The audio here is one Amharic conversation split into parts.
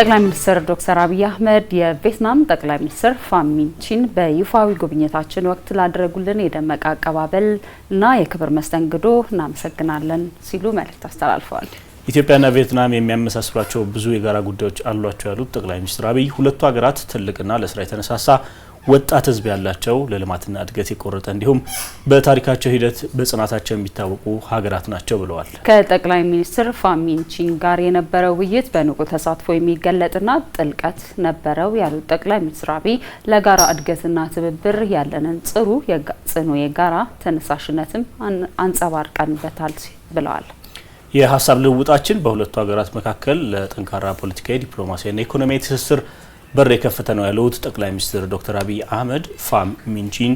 ጠቅላይ ሚኒስትር ዶክተር አብይ አህመድ የቬትናም ጠቅላይ ሚኒስትር ፋሚንቺን በይፋዊ ጉብኝታችን ወቅት ላደረጉልን የደመቀ አቀባበል እና የክብር መስተንግዶ እናመሰግናለን ሲሉ መልእክት አስተላልፈዋል። ኢትዮጵያና ቬትናም የሚያመሳስሏቸው ብዙ የጋራ ጉዳዮች አሏቸው ያሉት ጠቅላይ ሚኒስትር አብይ ሁለቱ ሀገራት ትልቅና ለስራ የተነሳሳ ወጣት ህዝብ ያላቸው ለልማትና እድገት የቆረጠ እንዲሁም በታሪካቸው ሂደት በጽናታቸው የሚታወቁ ሀገራት ናቸው ብለዋል። ከጠቅላይ ሚኒስትር ፋሚንቺን ጋር የነበረው ውይይት በንቁ ተሳትፎ የሚገለጥና ጥልቀት ነበረው ያሉት ጠቅላይ ሚኒስትር አብይ ለጋራ እድገትና ትብብር ያለንን ጥሩ ጽኑ የጋራ ተነሳሽነትም አንጸባርቀንበታል ብለዋል። የሀሳብ ልውውጣችን በሁለቱ ሀገራት መካከል ለጠንካራ ፖለቲካዊ ዲፕሎማሲያና ኢኮኖሚያዊ ትስስር በር የከፈተ ነው ያሉት ጠቅላይ ሚኒስትር ዶክተር አብይ አህመድ ፋም ሚንቺን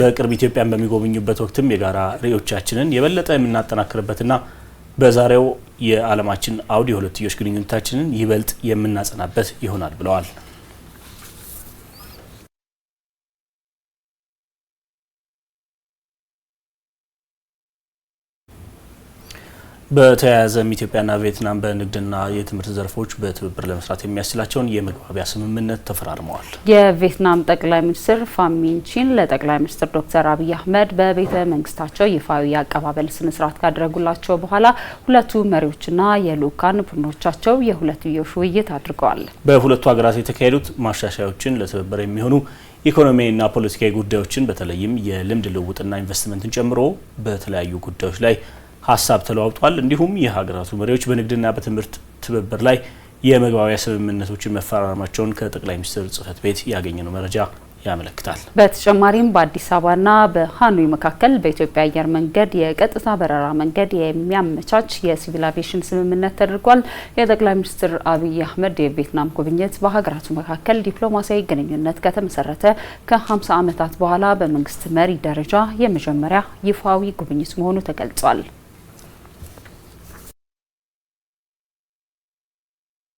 በቅርብ ኢትዮጵያን በሚጎበኙበት ወቅትም የጋራ ርዕዮቻችንን የበለጠ የምናጠናክርበትና በዛሬው የዓለማችን አውድ የሁለትዮሽ ግንኙነታችንን ይበልጥ የምናጸናበት ይሆናል ብለዋል። በተያያዘም ኢትዮጵያና ቪየትናም በንግድና የትምህርት ዘርፎች በትብብር ለመስራት የሚያስችላቸውን የመግባቢያ ስምምነት ተፈራርመዋል። የቪየትናም ጠቅላይ ሚኒስትር ፋሚንቺን ለጠቅላይ ሚኒስትር ዶክተር አብይ አህመድ በቤተ መንግስታቸው ይፋዊ አቀባበል ስነስርዓት ካደረጉላቸው በኋላ ሁለቱ መሪዎችና የልኡካን ቡድኖቻቸው የሁለትዮሽ ውይይት አድርገዋል። በሁለቱ ሀገራት የተካሄዱት ማሻሻያዎችን ለትብብር የሚሆኑ ኢኮኖሚያዊና ፖለቲካዊ ጉዳዮችን በተለይም የልምድ ልውውጥና ኢንቨስትመንትን ጨምሮ በተለያዩ ጉዳዮች ላይ ሀሳብ ተለዋውጧል። እንዲሁም የሀገራቱ መሪዎች በንግድና በትምህርት ትብብር ላይ የመግባቢያ ስምምነቶችን መፈራረማቸውን ከጠቅላይ ሚኒስትር ጽህፈት ቤት ያገኘነው መረጃ ያመለክታል። በተጨማሪም በአዲስ አበባና በሀኑይ መካከል በኢትዮጵያ አየር መንገድ የቀጥታ በረራ መንገድ የሚያመቻች የሲቪል አቪዬሽን ስምምነት ተደርጓል። የጠቅላይ ሚኒስትር አብይ አህመድ የቪየትናም ጉብኝት በሀገራቱ መካከል ዲፕሎማሲያዊ ግንኙነት ከተመሰረተ ከ50 ዓመታት በኋላ በመንግስት መሪ ደረጃ የመጀመሪያ ይፋዊ ጉብኝት መሆኑ ተገልጿል።